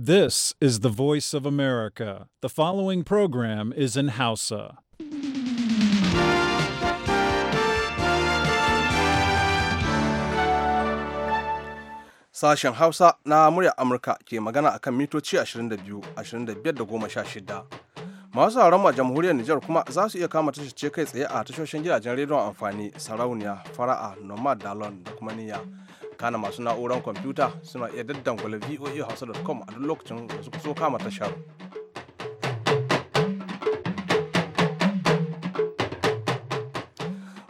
This is the voice of America. The following program is in Hausa. Sashen Hausa na muryar Amurka ke magana akan mitoci 22, 25 da 16. Masu sauran a jamhuriyar Nijar kuma za su iya kama tashar kai tsaye a tashoshin gidajen rediyon amfani, sarauniya, fara'a, nomad, dalon da kuma niyya. kana masu na'uran kwamfuta suna iya daddangwale hausa.com a duk lokacin da suka so kama tashar.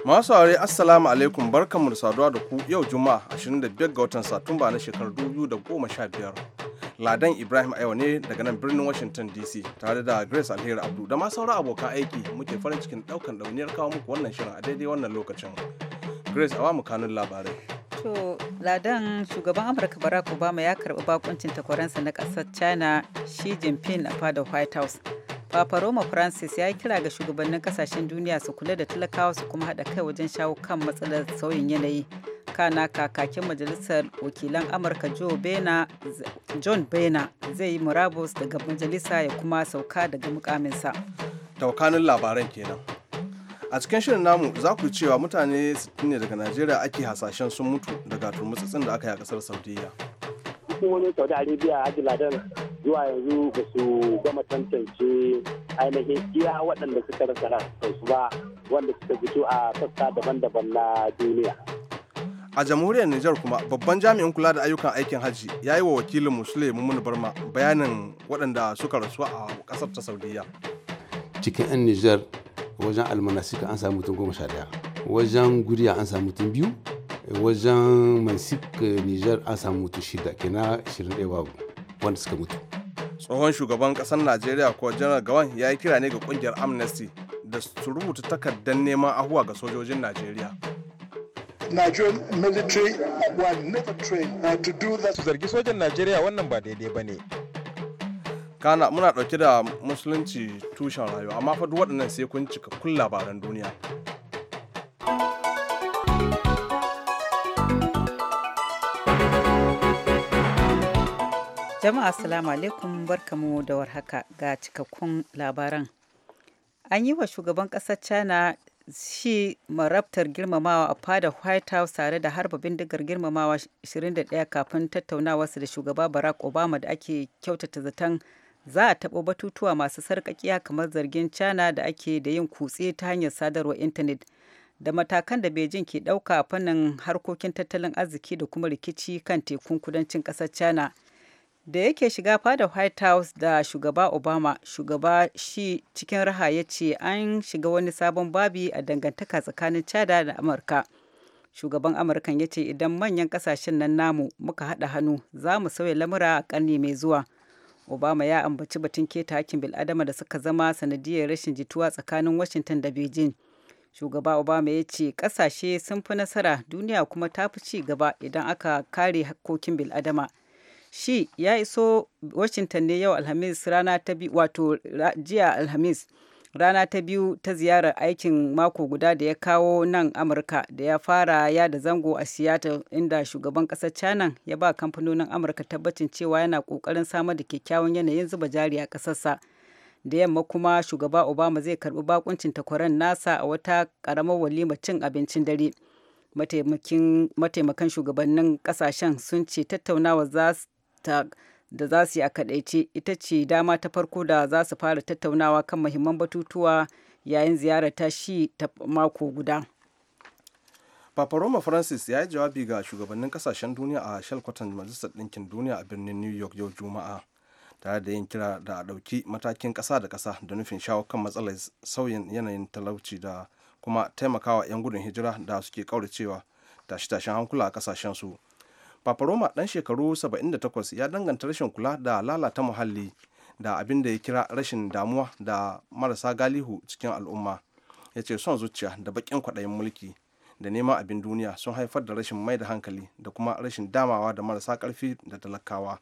Masu aure Assalamu alaikum barkanmu da saduwa da ku yau Juma'a 25 ga watan Satumba na shekarar 2015. Ladan Ibrahim a ne daga nan birnin Washington DC tare da Grace Alheri Abdu da ma sauran abokan aiki muke farin cikin daukan dauniyar kawo muku wannan shirin a daidai wannan lokacin. Grace a wa mu kanun labarai. To, ladan shugaban Amurka Barack Obama ya karɓi bakuncin takwaransa na kasar China Xi Jinping a fadar White House. Papa Roma Francis ya yi kira ga shugabannin kasashen duniya su kula da talakawa su kuma haɗa kai wajen shawo kan matsalar sauyin yanayi. kana kakakin majalisar wakilan amurka john bena zai yi murabus daga majalisa ya kuma sauka daga mukaminsa. labaran kenan. a cikin shirin namu za ku cewa mutane ne daga najeriya ake hasashen sun mutu daga turmutsatsin da aka yi a kasar saudiya hukumomin saudi arabia haji ladan zuwa yanzu ba su gama tantance ainihin iya waɗanda suka rasa ransu ba wanda suka fito a sassa daban-daban na duniya a jamhuriyar Nijar kuma babban jami'in kula da ayyukan aikin hajji ya yi wa wakilin musule mummuni barma bayanin waɗanda suka rasu a ƙasar ta saudiya cikin 'yan Nijar wajen almanasika an samu mutum goma sha daya wajen guriya an samu mutum biyu wajen mansik eh, niger an samu mutum shida kina shirin ɗaya babu wanda suka mutu tsohon shugaban kasar najeriya ko janar gawan ya yi kira ne ga kungiyar amnesty da su rubuta takardar neman ahuwa ga sojojin najeriya Nigerian military were never train uh, to do that. Zargi sojan Najeriya wannan ba daidai ba ne. kana muna ɗauke da musulunci tushen rayuwa amma fa duk waɗannan sai kun cikakkun labaran duniya jama'a assalamu alaikum barkamu da warhaka ga cikakkun labaran an yi wa shugaban ƙasar china shi marabtar girmamawa a fada white house tare da harba bindigar girmamawa 21 kafin tattaunawarsa da shugaba barack obama da ake kyautata zaton za a taɓo batutuwa masu sarƙaƙiya kamar zargin China da ake da yin kutse ta hanyar sadarwar intanet da matakan da Beijing ke ɗauka a fannin harkokin tattalin arziki da kuma rikici kan tekun kudancin ƙasar China. Da yake shiga fada White House da shugaba Obama, shugaba shi cikin raha ya ce an shiga wani sabon babi a dangantaka tsakanin chada da Amurka. Shugaban Amurkan ya ce idan manyan ƙasashen nan namu muka haɗa hannu za mu sauya lamura a ƙarni mai zuwa. obama ya ambaci batun keta hakkin bil'adama da suka zama sanadiyar rashin jituwa tsakanin washington da beijing shugaba obama ya ce kasashe sun fi nasara duniya kuma ta fi ci gaba idan aka kare hakkokin bil'adama shi ya iso washington ne yau alhamis rana ta biyu wato jiya alhamis rana ta biyu ta ziyarar aikin mako guda da ya kawo nan amurka da ya fara ya da zango a seattle inda shugaban kasar china ya ba kamfanonin amurka tabbacin cewa yana kokarin samar da kyakkyawan yanayin zuba jari a kasarsa da yamma kuma shugaba obama zai karbi bakuncin takwaran nasa a wata karamar walima cin abincin dare mataimakan shugabannin kasashen sun ce tattaunawa za ta da za su yi a kadaice ita ce dama ta farko da za su fara tattaunawa kan mahimman batutuwa yayin ziyarar ta shi ta mako guda. Papa Roma Francis ya yi jawabi ga shugabannin kasashen duniya a shalkwatan Majalisar Ɗinkin Duniya a birnin New York yau Juma'a, tare da yin kira da a ɗauki matakin ƙasa da ƙasa da nufin shawo kan matsalar sauyin yanayin talauci da kuma taimakawa 'yan gudun hijira da suke ƙauracewa tashe-tashen hankula a kasashen su. paparoma ɗan shekaru 78 ya danganta rashin kula da lalata muhalli da abin da ya kira rashin damuwa da marasa galihu cikin al'umma ya ce son zuciya da bakin kwaɗayin mulki da neman abin duniya sun haifar da rashin mai da hankali da kuma rashin damawa da marasa ƙarfi da talakawa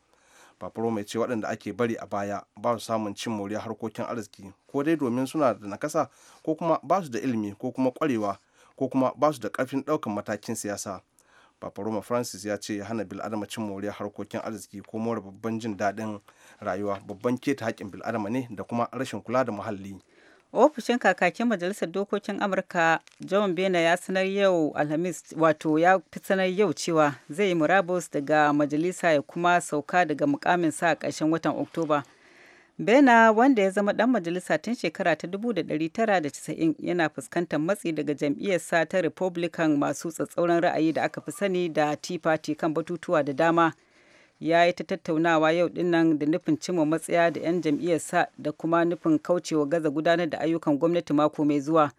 Roma ya ce waɗanda ake bari a baya ba su samun cin moriya harkokin arziki ko dai domin suna da nakasa ko kuma ba su da ilimi ko kuma ƙwarewa ko kuma ba su da ƙarfin ɗaukan matakin siyasa papa roma francis ya ce hana bil'adama cin moriya harkokin arziki ko more babban jin daɗin rayuwa babban keta haƙƙin bil'adama ne da kuma rashin kula da muhalli ofishin kakakin majalisar dokokin amurka john bena ya sanar yau alhamis wato ya fi sanar yau cewa zai yi murabus daga majalisa ya kuma sauka daga mukamin sa a ƙarshen watan oktoba bena wanda ya zama dan majalisa tun shekara ta 1990 yana fuskantar matsi daga jam'iyyarsa ta republican masu tsatsauran ra'ayi da aka fi sani da tea party kan batutuwa da dama ya yi ta tattaunawa yau dinnan da nufin cimma matsaya da 'yan jam'iyyarsa da kuma nufin kaucewa gaza gudanar da ayyukan gwamnati mako mai zuwa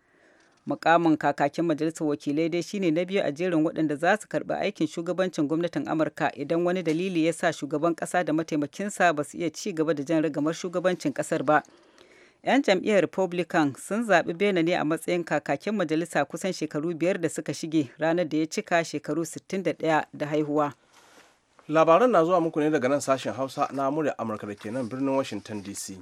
mukamin kakakin majalisar wakilai dai shine na biyu a jerin waɗanda za su karɓi aikin shugabancin gwamnatin amurka idan wani dalili ya sa shugaban ƙasa da mataimakinsa ba su iya ci gaba da jan rigamar shugabancin ƙasar ba 'yan jam'iyyar republican sun zaɓi bena ne a matsayin kakakin majalisa kusan shekaru biyar da suka shige ranar da ya cika shekaru 61 da haihuwa labaran na zuwa muku ne daga nan sashen hausa na murya amurka da ke nan birnin washington dc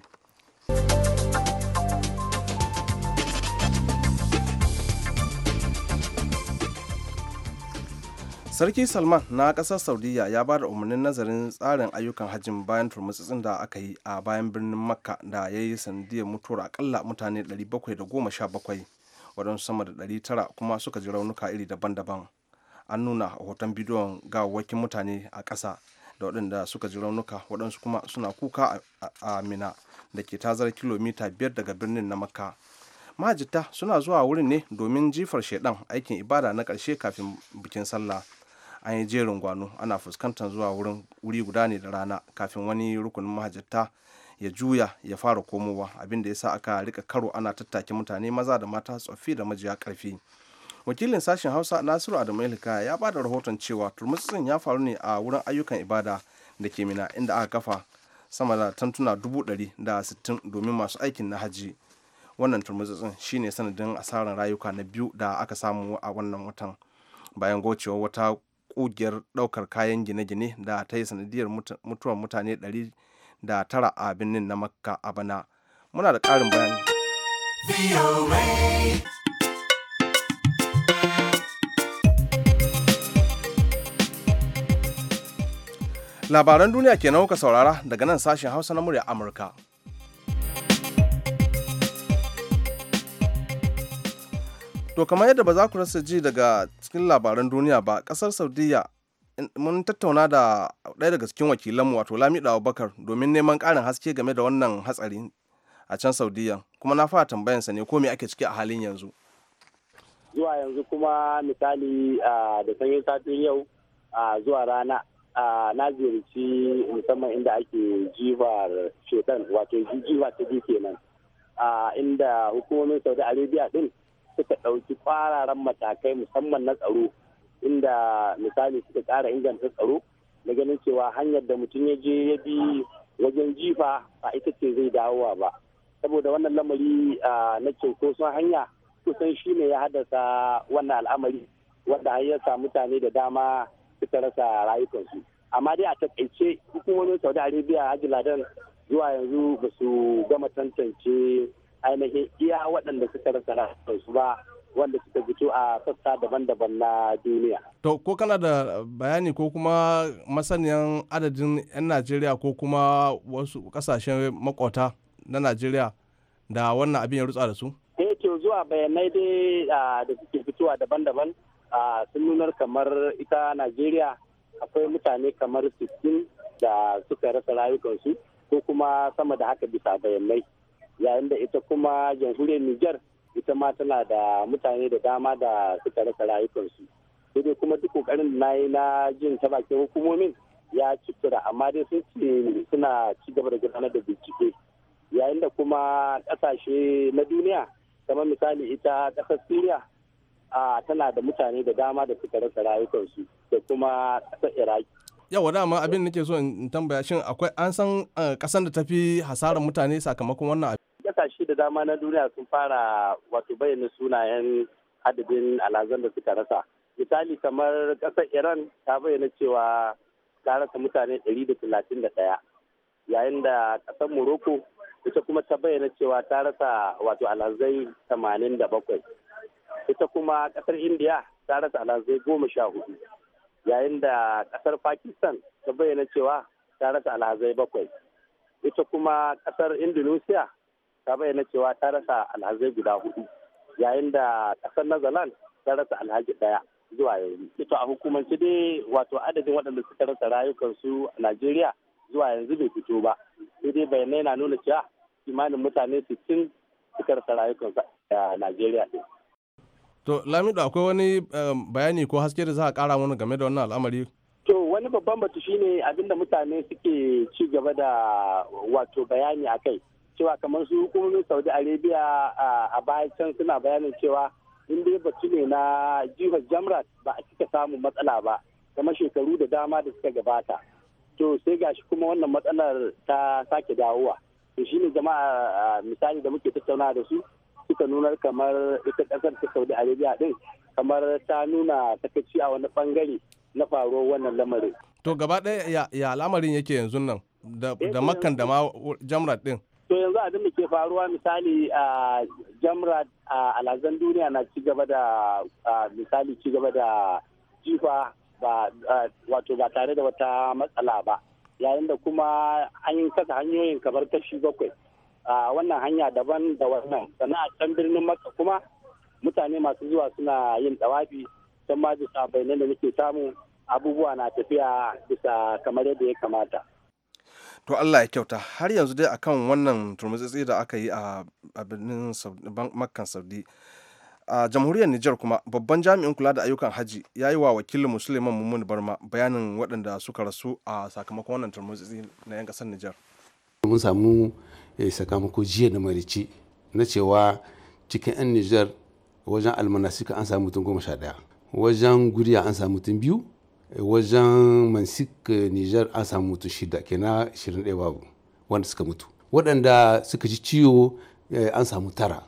sarki salman na kasar saudiya ya ba da umarnin nazarin tsarin ayyukan hajjin bayan turmutsutsun da aka yi a bayan birnin makka da ya yi sanadiyar mutuwar akalla mutane 717 waɗansu sama da 900 kuma suka ji raunuka iri daban-daban an nuna hoton bidiyon gawawwakin mutane a ƙasa da waɗanda suka ji raunuka waɗansu kuma suna kuka a mina da ke tazar kilomita biyar daga birnin na makka mahajita suna zuwa wurin ne domin jifar shaidan aikin ibada na ƙarshe kafin bikin sallah an yi jerin gwano ana fuskantar zuwa wurin wuri guda ne da rana kafin wani rukunin mahajjata ya juya ya fara komowa abin da ya sa aka rika karo ana tattake mutane maza da mata tsoffi da majiya karfi wakilin sashen hausa nasiru adamu ilika ya ba da rahoton cewa turmutsin ya faru ne a wurin ayyukan ibada da ke mina inda aka kafa sama da tantuna dubu ɗari da sittin domin masu aikin na hajji wannan turmutsin shine sanadin asarar rayuka na biyu da aka samu a wannan watan bayan gocewar wata ƙugiyar ɗaukar kayan gine-gine da ta yi sanadiyar mutuwar mutane 109 a birnin na makka a bana muna da ƙarin bayani labaran duniya kenan kuka saurara daga nan sashen hausa na murya amurka To kamar yadda ba za ku rasa ji daga cikin labaran duniya ba, kasar Saudiya mun tattauna da ɗaya daga cikin wakilanmu wato Lamido Abubakar domin neman ƙarin haske game da wannan hatsari a can Saudiya. Kuma na fara tambayan sa ne ko me ake ciki a halin yanzu. Zuwa yanzu kuma misali da sanyin satin yau zuwa rana na ziyarci musamman inda ake jifar shetan wato jifa ta kenan inda hukumomin Saudi Arabia din suka ɗauki kwararan matakai musamman na tsaro inda misali suka ƙara inganta tsaro na ganin cewa hanyar da mutum ya je ya bi wajen jifa a ita ce zai dawowa ba saboda wannan lamari na sun hanya kusan shi ne ya haddasa wannan al'amari wanda har ya mutane da dama suka rasa rayukansu amma dai a takaice hukumomin saudi arabia hajji ladan zuwa yanzu ba su gama tantance ainihin iya waɗanda suka rasa rasu ba wanda suka fito a sassa daban-daban na duniya. To ko kana da bayani ko kuma masaniyan adadin 'yan Najeriya ko kuma wasu kasashen makwata na Najeriya da wannan abin ya rutsa da su? Eh to zuwa bayanai dai da suke fitowa daban-daban sun nunar kamar ita Najeriya akwai mutane kamar 60 da suka rasa rayukansu ko kuma sama da haka bisa bayanai. yayin da ita kuma jamhuriyar Nijar ita ma tana da mutane da dama da suka rasa rayukansu sai dai kuma duk kokarin da na yi na jin ta bakin hukumomin ya ci tura amma dai sun ce suna ci gaba da gudanar da bincike yayin da kuma kasashe na duniya kamar misali ita kasar syria a tana da mutane da dama da suka rasa rayukansu da kuma kasar iraki yawa dama abin nake so in tambaya shin akwai an san kasan eh, da tafi hasarar mutane sakamakon wannan abin. kasashe da dama na duniya sun fara wato bayyana sunayen adadin alhazan da suka rasa misali kamar kasar iran ta bayyana cewa ta rasa mutane 131 yayin da ƙasar morocco ita kuma ta bayyana cewa ta rasa wato alazai 87 ita kuma ƙasar india ta rasa alazai 14 yayin da ƙasar pakistan ta bayyana cewa ta rasa alhazai bakwai ita kuma kasar indonesia ta bayyana cewa ta rasa alhazai guda hudu yayin da kasar Netherlands ta rasa alhaji daya zuwa yanzu. Ito a hukumance dai wato adadin waɗanda suka rasa rayukansu a Najeriya zuwa yanzu bai fito ba. Sai dai bayanai na nuna cewa kimanin mutane 60 suka rasa rayukansu a Najeriya ɗin. To Lamido akwai wani um, bayani ko haske da za a kara mana game da wannan al'amari? To wani babban batu shine abinda mutane suke ci gaba da wato bayani a kai. cewa kamar su hukumomin saudi arabia a bayan can suna bayanin cewa in dai batu ne na jihar jamrat ba a cika samun matsala ba kamar shekaru da dama da suka gabata to sai gashi kuma wannan matsalar ta sake dawowa to ne jama'a misali da muke tattauna da su suka nuna kamar ita kasar ta saudi arabia din kamar ta nuna takaici a wani bangare na faruwar wannan lamarin to gaba ɗaya ya lamarin yake yanzu nan da makan eh, da ma jamrat din to yanzu abin da ke faruwa misali a jamra a alhazan duniya na ci gaba da misali ci gaba da jifa wato ba tare da wata matsala ba yayin da kuma an kasa hanyoyin kamar kashi bakwai a wannan hanya daban da wannan sannan a can birnin maka kuma mutane masu zuwa suna yin tsawafi don ma bisa bayanan da muke samu abubuwa na tafiya bisa kamar yadda ya kamata to Allah ya kyauta har yanzu dai akan wannan turmutsitsi da aka yi a birnin makkan saudi a jamhuriyar Nijar kuma babban jami'in kula da ayyukan haji ya yi wa wakilin musulman mummun barma bayanin waɗanda suka rasu a sakamakon wannan turmutsitsi na 'yan ƙasar Nijar. mun samu eh, sakamako jiya da marici na cewa cikin 'yan Nijar wajen almanasika an samu mutum goma sha ɗaya wajen guriya an samu mutum biyu wajen mansik niger an samu mutu shida kenan 21 babu wanda suka mutu waɗanda suka ji ciwo eh, an samu tara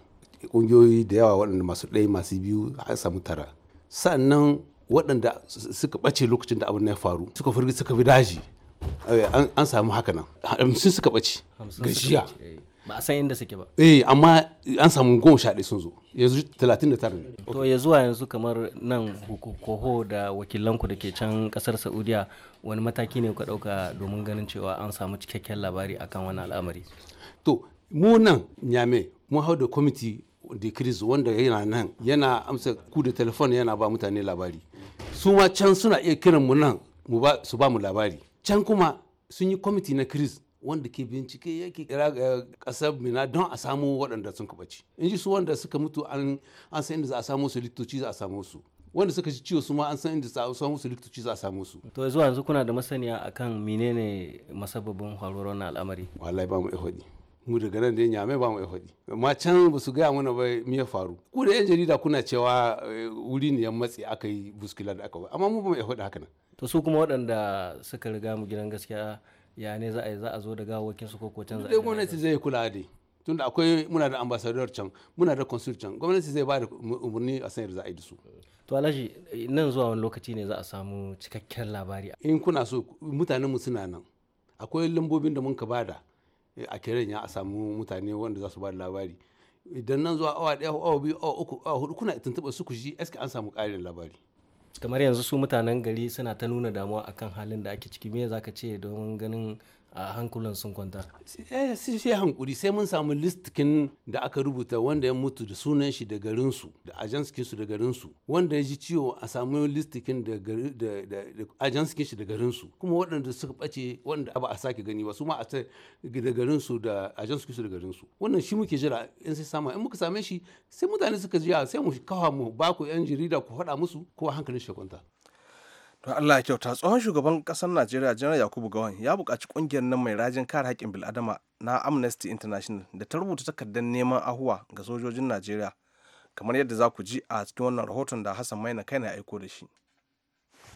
ƙungiyoyi da yawa waɗanda masu ɗaya masu biyu an samu tara sannan waɗanda suka ɓace lokacin da abin ya faru suka firgi suka fi daji eh, an samu haka nan hamsin suka ɓace gajiya eh. ba a san inda suke ba eh amma an samu goma sha sun zo yanzu talatin ne to ya zuwa yanzu kamar nan koho da wakilanku da ke can kasar saudiya wani mataki ne ku dauka domin ganin cewa an samu cikakken labari akan wani al'amari to mu nan nyame mu hau da kwamiti decrease wanda yana nan yana amsa ku da telefon yana ba mutane labari su ma can suna iya kiran mu nan su ba mu labari can kuma sun yi kwamiti na cris wanda ke bincike yake kira kasar eh, mina don a samu waɗanda sun kabaci in ji su wanda suka mutu an san inda za a samu su likitoci za a samu su wanda suka ci ciwo su ma an san inda za a samu su likitoci za a samu su to zuwa yanzu kuna da masaniya akan menene masababin faruwar wannan al'amari wallahi ba mu ihodi mu daga nan da ya nyame ba mu ihodi ma can ba su gaya mana ba me ya faru ku da yan jarida kuna cewa eh, wuri ne ya matse aka yi buskila da aka amma mu ba mu ihodi haka nan to su kuma waɗanda suka riga mu gidan gaskiya ya ne za a zo da gawakin su ko can za a yi gwamnati zai kula da tunda akwai muna da ambasador can muna da consul can gwamnati zai ba da umarni a sanar za a yi da su to alhaji nan zuwa wani lokaci ne za a samu cikakken labari in kuna so mutanen mu suna nan akwai lambobin da muka bada eh, a kiran ya a samu mutane wanda za su ba da labari idan nan zuwa awa daya awa biyu awa uku awa hudu kuna tuntuɓa su ku ji eske an samu ƙarin labari kamar yanzu su mutanen gari suna ta nuna damuwa akan halin da ake ciki me za ka ce don ganin a hankulan sun kwanta eh, sai shi hankuri sai mun samu listikin da aka rubuta wanda ya mutu da sunan shi da garinsu da ajanskin su da garinsu wanda ya ji ciwo a samu listikin da ajanskin shi da garinsu kuma waɗanda suka bace wanda ba a sake gani ba su ma a ta da garinsu da ajanskin su da garinsu wannan shi muke jira in sai samu in muka same shi sai mutane suka ji sai mu kawo mu ba ku yan jarida ku faɗa musu ko hankalin shi kwanta to Allah ya kyauta tsohon shugaban kasar Najeriya Janar Yakubu Gawan ya buƙaci ƙungiyar nan mai rajin kare haƙƙin bil'adama na Amnesty International da ta rubuta takardar neman ahuwa ga sojojin Najeriya kamar yadda za ku ji a cikin wannan rahoton da Hassan Maina kai na aiko da shi.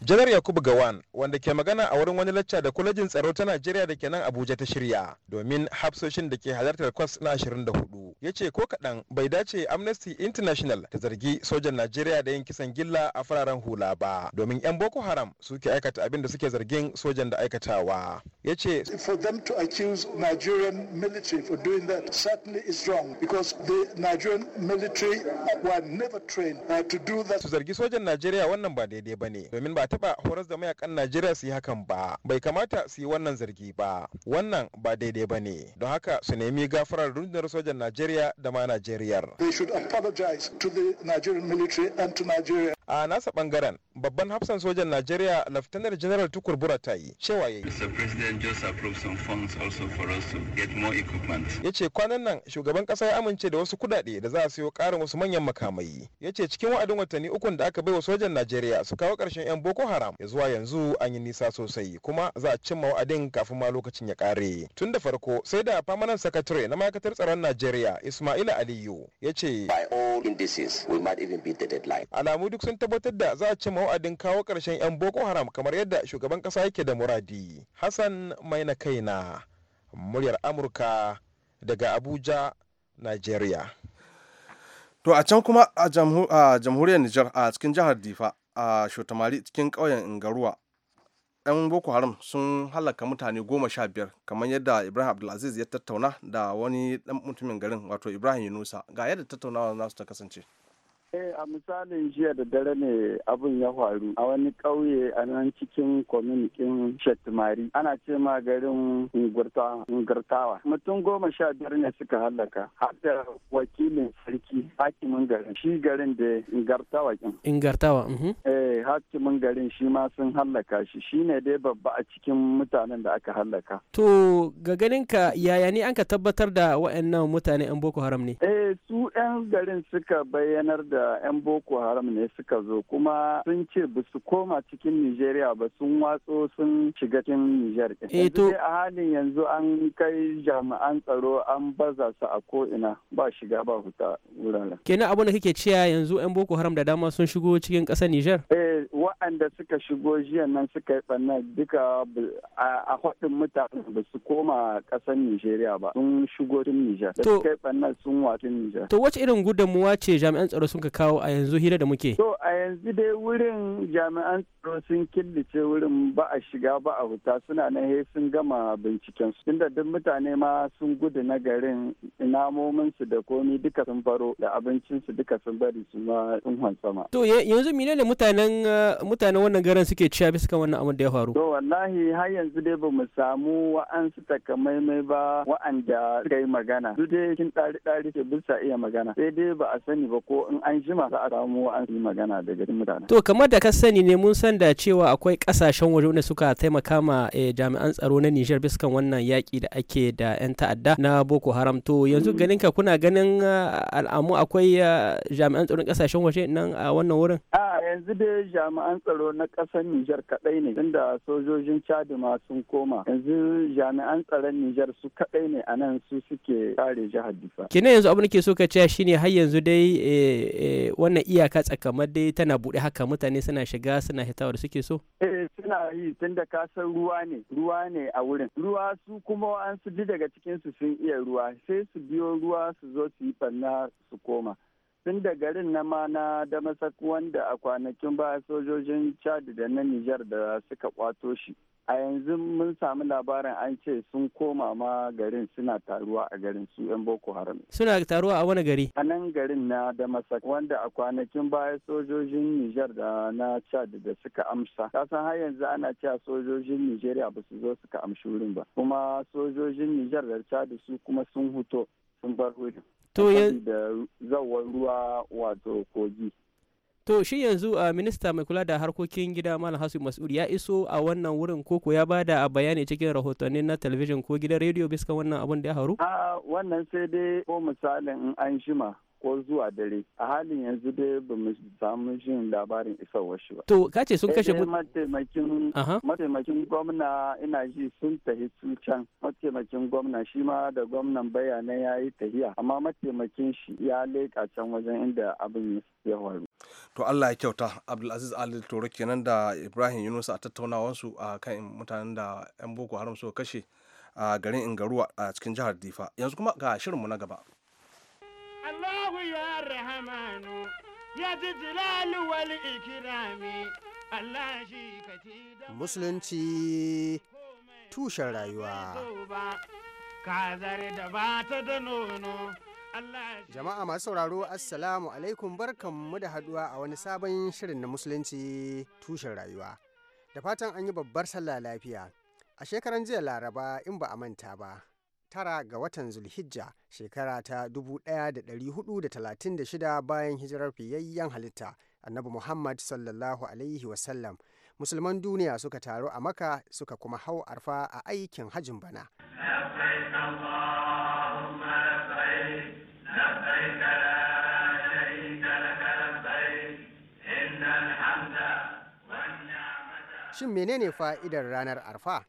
janar yakubu gawan wanda ke magana a wurin wani lacca da kwalejin tsaro ta najeriya da ke nan abuja ta shirya domin hafsoshin da ke halartar kwas na 24 ya ce ko kaɗan bai dace amnesty international ta zargi sojan najeriya da yin kisan gilla a fararen hula ba domin 'yan boko haram suke aikata abin da suke zargin sojan da aikatawa ya ce for them to accuse nigerian military for doing that certainly is wrong because the nigerian military were never trained uh, to do that su zargi sojan najeriya wannan ba daidai ba ne domin ba taɓa horas da mayakan Najeriya su yi hakan ba bai kamata su yi wannan zargi ba wannan ba daidai ba ne don haka su nemi gafarar rundunar sojan Najeriya da ma Najeriyar. They should apologize to the Nigerian military and to Nigeria. a nasa bangaren babban hafsan sojan najeriya laftanar general tukur buratayi cewa yi ya ce kwanan nan shugaban kasa ya amince da wasu kudade da za a siyo karin wasu manyan makamai ya ce cikin wa'adin watanni ukun da aka bai wa sojan najeriya su kawo karshen yan boko haram ya zuwa yanzu an yi nisa sosai kuma za a cimma wa'adin kafin ma lokacin ya kare tun da farko sai da famanan sakatare na ma'aikatar tsaron najeriya ismaila aliyu ya ce alamu duk sun tabbatar da za a ci mawa'adin kawo karshen 'yan boko haram kamar yadda shugaban kasa yake da muradi hassan mai na kaina muryar amurka daga abuja nigeria to a can kuma a jamhuriyar nijar a cikin jihar difa a shotamari cikin ƙauyen ingaruwa 'yan boko haram sun halaka mutane goma sha biyar kamar yadda ibrahim abdulaziz ya tattauna da wani dan mutumin garin wato ibrahim yunusa ga yadda tattaunawa nasu ta kasance Eh a misalin jiya da dare ne abin ya faru a wani ƙauye a nan cikin kwaminikin Shetimari. ana ce ma garin Ngurtawa. Mutum goma sha biyar ne suka hallaka har da wakilin sarki hakimin garin shi garin da Ngurtawa kin. Ngartawa. Mhm. Eh hakimin garin shi ma sun hallaka shi shi ne dai babba a cikin mutanen da aka hallaka. To ga ka yaya ne an ka tabbatar da waɗannan mutane 'yan Boko Haram ne? Eh su 'yan garin suka bayyanar da da 'yan boko haram ne suka zo kuma sun ce ba su koma cikin nigeria ba sun watso sun shiga cikin ɗin eh, yanzu a halin yanzu an kai jami'an tsaro an baza su a ko'ina ba shiga ba huta wuraren kenan abin da kake cewa yanzu 'yan boko haram da dama sun shigo cikin ƙasar niger eh waɗanda suka shigo jiya nan suka yi ɓannan duka a haɗin mutane ba su koma ƙasar Nijeriya ba sun shigo tun Nijar. Da suka yi ɓannan sun watu Nijar. To wace irin gudunmuwa ce jami'an tsaro sun kawo a yanzu hira da muke? To a yanzu dai wurin jami'an tsaro sun killace wurin ba a shiga ba a huta suna na he sun gama binciken su. Tunda duk mutane ma sun gudu na garin namomin su da komi duka sun faro da abincin su duka sun bari su ma sun hansama. To yanzu menene mutanen uh, mutanen wannan garin suke ciya bisa kan wannan abin da ya faru? To wallahi har yanzu dai ba mu samu wa'ansu takamaimai ba wa'anda suka yi magana. Su dai kin ɗari ɗari ke bisa iya magana. Sai dai ba a sani ba ko in an jima za a samu wa'ansu magana daga mutane. To kamar da ka sani ne mun san da cewa akwai ƙasashen waje wanda suka taimaka ma eh, jami'an tsaro na Nijar bisa kan wannan yaƙi da ake da 'yan ta'adda na Boko Haram. To yanzu mm. ganin ka kuna ganin eh, al'amu akwai eh, jami'an tsaron ƙasashen waje nan a wannan wurin? A yanzu dai jami'an tsaro na ƙasar Nijar kaɗai ne inda sojojin chaduma sun koma yanzu jami'an tsaron Nijar su kaɗai ne a nan su suke kare jihar Difa. Kina yanzu abin da ke so ka ce shine har yanzu dai eh, eh, wannan iyaka tsakamar dai tana buɗe haka mutane suna shiga suna hitawar da suke so? Eh suna yi tunda kasar ruwa ne ruwa ne a wurin ruwa su kuma an su ji daga cikin su sun iya ruwa sai su biyo ruwa su zo su yi fanna su koma. tun da garin na ma na damasak wanda a kwanakin baya sojojin chad da na nijar da suka kwato shi a yanzu mun sami labarin an ce sun koma ma garin suna taruwa a garin su 'yan boko haram suna taruwa a wani gari a nan garin na damasak wanda a kwanakin baya sojojin nijar da na chad da suka amsa kasan har yanzu ana cewa sojojin nigeria ba su zo suka amshi wurin ba kuma sojojin nijar da chad su kuma sun huto sun To da zawar ruwa wato kogi. To shi yanzu a minista mai kula da harkokin gida Malam Hasu Mas'ud ya iso a wannan wurin koko ya ba da bayani cikin rahotanni na talabijin ko gidan rediyo bisa wannan abin da ya haru? A wannan sai dai ko misalin an shima ko zuwa dare a halin yanzu dai ba mu samu jin labarin isarwar shi ba to kace sun eh, kashe eh, mataimakin mataimakin gwamna ina ji sun tahi su can mataimakin gwamna shi ma da gwamnan bayanai ya yi tahiya amma mataimakin shi ya leƙa can wajen inda abin ya faru to Allah ya kyauta Abdulaziz Ali Toro kenan da Ibrahim Yunus a tattaunawansu a kan mutanen da 'yan Boko Haram suka kashe a garin Ingaruwa a cikin jihar Difa yanzu kuma ga shirinmu na gaba الله يا رحمن يا ذي الجلال والإكرام الله شيك مسلمتي tushen rayuwa. Jama'a masu sauraro Assalamu alaikum barkanmu da haduwa a wani sabon shirin na Musulunci tushen rayuwa. Da fatan an yi babbar sallah lafiya. A shekaran jiya Laraba in ba a manta ba, tara ga watan Zulhijja shekara ta 1436 bayan hijirar fiyayyen halitta annabi Muhammad sallallahu alaihi wasallam musulman duniya suka taru a maka suka kuma hau arfa a aikin hajin bana. Shin menene fa'idar ranar arfa?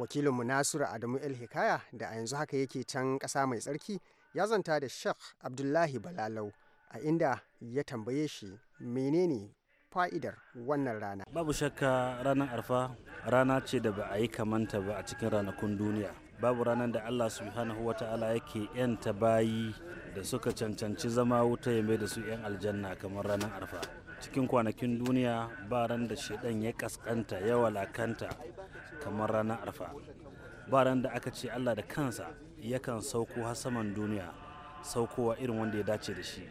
wakilinmu nasiru adamu el hikaya da a yanzu haka yake can ƙasa mai tsarki ya zanta da sheikh abdullahi balalau a inda ya tambaye shi menene fa'idar wannan rana babu shakka ranar arfa rana ce da ba a yi kamanta ba a cikin ranakun duniya babu ranar da allah subhanahu wa ta'ala yake yan ta bayi da suka cancanci zama wuta ya mai da su 'yan aljanna kamar ranar arfa cikin kwanakin duniya ba ran da shaidan ya kaskanta ya walakanta kamar ranar arfa ba ran da aka ce allah da kansa yakan sauko har saman duniya saukowa irin wanda ya dace da shi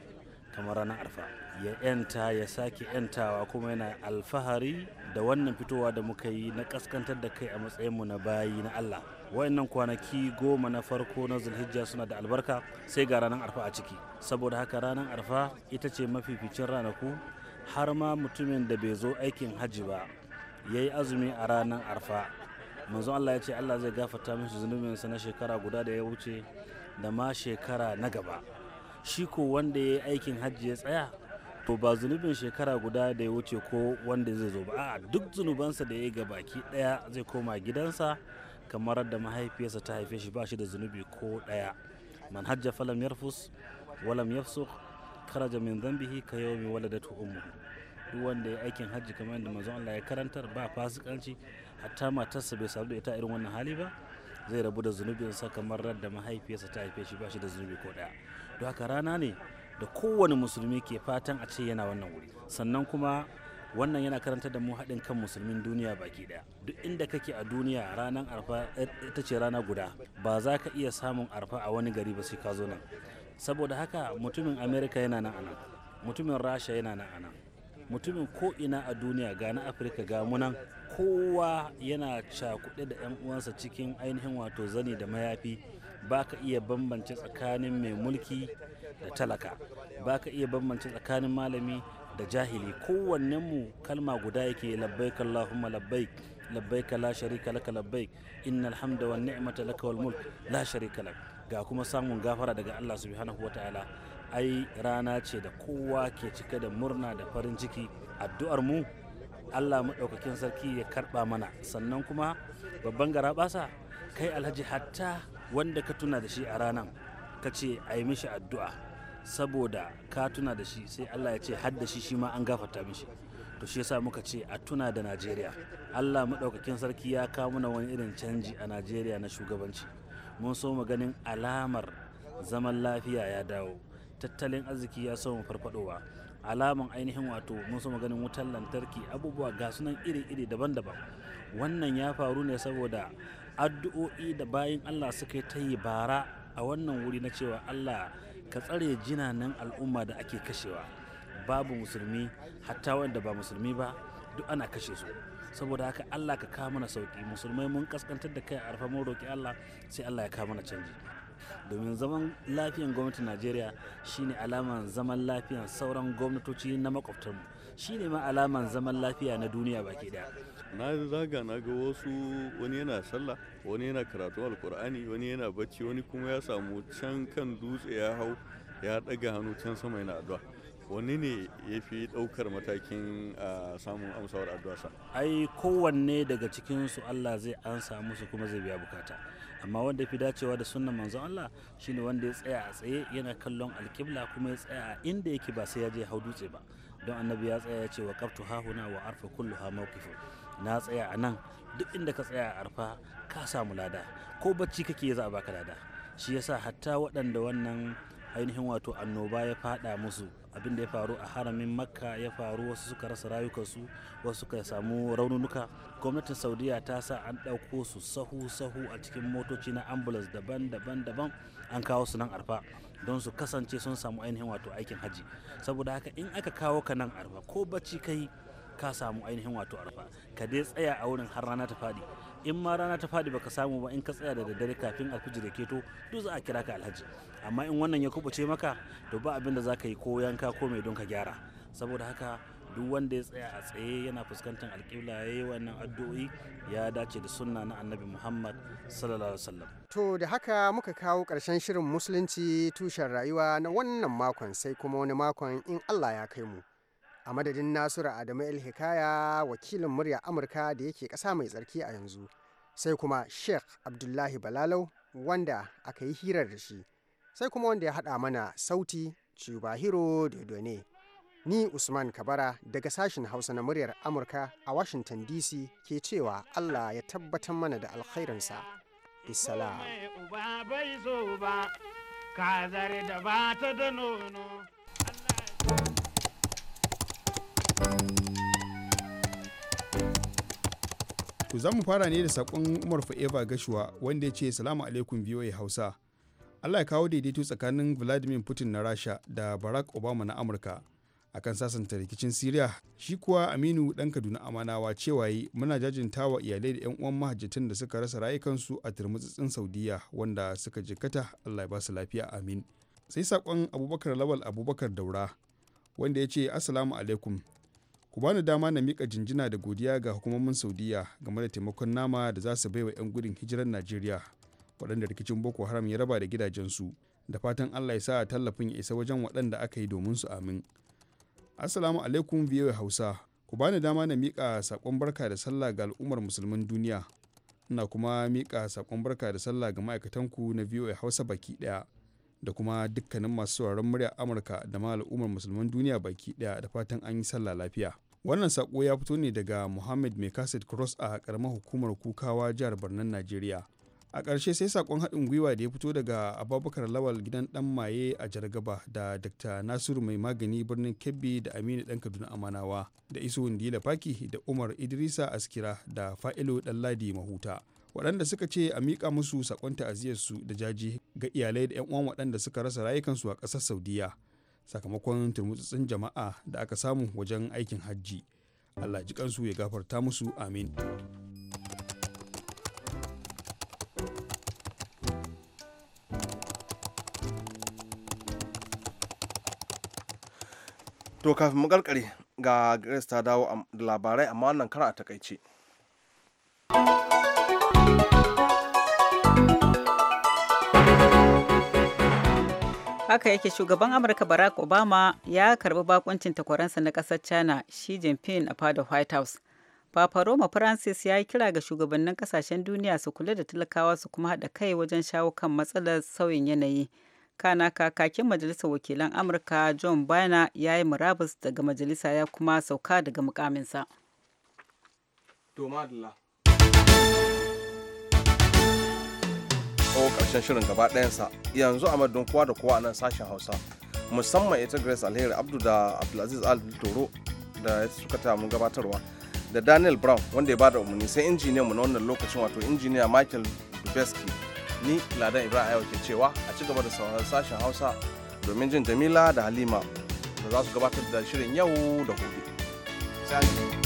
kamar ranar arfa ya yanta ya sake yantawa kuma yana alfahari da wannan fitowa da muka yi na kaskantar da kai a matsayinmu na bayi na allah wayannan kwanaki goma na farko na zulhijja suna da albarka sai ga ranar arfa a ciki saboda haka ranar arfa ita ce mafificin ranaku har ma mutumin da bai zo aikin hajji ba ya yi azumi a ranar arfa manzon Allah ya ce Allah zai gafarta mishi zunubinsa na shekara guda da ya wuce da ma shekara na gaba shi ko wanda ya yi aikin hajji ya tsaya to ba zunubin shekara guda da ya wuce ko wanda zai zo ba a duk zunubansa da ya yi baki daya zai koma gidansa kamar da mahaifiyarsa ta haife shi ba shi da zunubi ko daya man hajja falam yarfus walam yafsuk kharaja min dhanbihi ka yawmi waladatu ummuhu duk wanda ya aikin hajji kamar yadda manzon Allah ya karantar ba fasikanci hatta matarsa bai sabu da ita irin wannan hali ba zai rabu da zunubinsa kamar ran da mahaifiyarsa ta haife shi ba shi da zunubi ko daya don haka rana ne da kowane musulmi ke fatan a ce yana wannan wuri sannan kuma wannan yana karantar da mu haɗin kan musulmin duniya baki daya duk inda kake a duniya ranar arfa eh, ita ce rana guda ba za ka iya samun arfa a wani gari ba sai ka zo nan saboda haka mutumin amerika yana nan anan mutumin rasha yana nan anan mutumin ko'ina a duniya ga na afirka ga munan kowa yana cakuɗe da 'yan uwansa cikin ainihin wato zani da mayafi ba ka iya bambance tsakanin mai mulki da talaka ba ka iya bambance tsakanin malami da jahili kowannenmu kalma guda yake kallahumma labbai labbai ka la sharika laka labbai innal hamda wan ni'mata laka wal mulk la sharika lak ga kuma samun gafara daga Allah subhanahu ta'ala ai rana ce da kowa ke cika da murna da farin ciki addu'ar mu Allah maɗaukakin sarki ya karɓa mana sannan kuma babban garaɓasa kai alhaji hatta wanda ka tuna da shi a ranan ka ce a yi mishi addu'a saboda ka tuna da shi sai Allah ya ce hadda shi shi ma an gafarta mishi to shi yasa muka ce a tuna da Najeriya Allah maɗaukakin sarki ya kawo mana wani irin canji a Najeriya na shugabanci mun so mu ganin alamar zaman lafiya ya dawo tattalin arziki ya so mu farfadowa alamar ainihin wato mun so mu ganin wutar lantarki abubuwa ga sunan iri-iri daban-daban wannan ya faru ne saboda addu'o'i da bayan allah suka ta yi bara a wannan wuri na cewa allah ka tsare jinanan al'umma da ake kashewa babu musulmi hatta wanda ba musulmi ba duk ana kashe su saboda haka Allah ka kawo mana sauki musulmai mun kaskantar da kai a arfa mun roki Allah sai Allah ya kawo mana canji domin zaman lafiyan gwamnatin najeriya shine alaman zaman lafiyan sauran gwamnatoci na makwabtanmu shine ma alaman zaman lafiya na duniya baki daya na zaga na ga wasu wani yana sallah wani yana karatu alkur'ani wani yana bacci wani kuma ya samu can kan dutse ya hau ya daga hannu can sama yana addu'a wani ne ya fi ɗaukar matakin samun amsawar adduasa ai kowanne daga cikin su allah zai ansa musu kuma zai biya bukata amma wanda fi dacewa da sunan manzon allah shine wanda ya tsaya a tsaye yana kallon alkibla kuma ya tsaya a inda yake ba sai ya je hau dutse ba don annabi ya tsaya ya ce wa kaftu hahuna wa arfa kullu ha mawqifu na tsaya a nan duk inda ka tsaya a arfa ka samu lada ko bacci kake za a baka lada shi yasa hatta waɗanda wannan ainihin wato annoba ya fada musu abin da ya faru a haramin makka ya faru wasu suka rasa rayukansu wasu suka samu raununuka gwamnatin saudiya ta sa an ɗauko su sahu-sahu a cikin motoci na ambulance daban-daban daban an kawo su nan arfa don su kasance sun samu ainihin wato aikin haji saboda haka in aka kawo ka nan arfa ko bacci kai ka samu ainihin wato arfa ka dai tsaya a wurin har rana ta faɗi in ma rana ta faɗi baka samu ba in ka tsaya da daddare kafin alfijir da keto duk za a kira ka alhaji amma in wannan ya kubuce maka to ba abin da za ka yi ko yanka ko mai don ka gyara saboda haka duk wanda ya tsaya a tsaye yana fuskantar alƙibla ya yi wannan addu'o'i ya dace da sunna na annabi muhammad sallallahu alaihi wasallam to da haka muka kawo ƙarshen shirin musulunci tushen rayuwa na wannan makon sai kuma wani makon in allah ya kai mu a madadin nasiru adamu el hikaya wakilin murya amurka da yake ƙasa mai tsarki a yanzu sai kuma sheikh abdullahi balalau wanda aka yi hirar da shi sai kuma wanda ya haɗa mana sauti Chubahiro Dodone. Ni Usman Kabara daga sashen Hausa na muryar Amurka a Washington DC ke cewa Allah ya tabbatar mana da alkhairinsa. Issalam. ku za mu fara ne da saƙon Umar Fa'eva Gashuwa wanda ya ce Salamu alaikum ya Hausa. Allah ya kawo daidaito tsakanin Vladimir Putin na Rasha da Barack Obama na Amurka a kan sasanta rikicin Siriya. Shi kuwa Aminu ɗan Kaduna Amanawa cewa yi muna jajintawa iyalai da 'yan uwan mahajjatan da suka rasa rayukansu a turmutsitsin Saudiyya wanda suka jikkata Allah ya ba su lafiya amin. Sai saƙon Abubakar Lawal Abubakar Daura wanda ya ce Assalamu alaikum. Ku bani dama na miƙa jinjina da godiya ga hukumomin Saudiyya game da taimakon nama da za su baiwa 'yan gudun hijirar Najeriya waɗanda rikicin boko haram ya raba da gidajensu da fatan allah ya sa tallafin ya isa wajen waɗanda aka yi domin su amin assalamu alaikum biyoyi hausa ku bani dama na miƙa saƙon barka da sallah ga al'ummar musulman duniya ina kuma miƙa saƙon barka da sallah ga ku na voa hausa baki ɗaya da kuma dukkanin masu sauraron murya amurka da ma al'ummar musulman duniya baki ɗaya da fatan an yi sallah lafiya wannan saƙo ya fito ne daga muhammad mai kaset cross a ƙaramar hukumar kukawa jihar barnan najeriya a ƙarshe sai sakon haɗin gwiwa da ya fito daga ababakar lawal gidan ɗan maye a jargaba da dr nasiru mai magani birnin kebbi da aminu ɗan kaduna amanawa da isu wundila faki da umar idrisa askira da fa'ilo ladi mahuta waɗanda suka ce a miƙa musu sakon su da jaji ga iyalai da 'yan uwan waɗanda suka rasa rayukansu a ƙasar saudiya sakamakon turmutsutsun jama'a da aka samu wajen aikin hajji allah ji kansu ya gafarta musu amin to kafin makarkare ga grace ta dawo da labarai amma wannan kara a takaice haka yake shugaban amurka barack obama ya karbi bakuncin takwaransa na kasar china shi jinping a fadar white house Papa Roma Francis ya yi kira ga shugabannin kasashen duniya su kula da talakawa su kuma haɗa kai wajen shawo kan matsalar sauyin yanayi. kana kakakin majalisar wakilan amurka john bana ya yi murabus daga majalisa ya kuma sauka daga mukaminsa kawo karshen shirin gaba ɗayansa yanzu a madon kowa da kowa a nan sashen hausa musamman ita grace alheri abdu da abdulaziz al toro da suka ta mun gabatarwa da daniel brown wanda ya bada umarni sai injiniyan mu na wannan lokacin wato injiniya michael dubeski ni ladan ibrahim ke cewa a ci gaba da sauran sashen hausa domin jin jamila da halima da za su gabatar da shirin yau da gobe.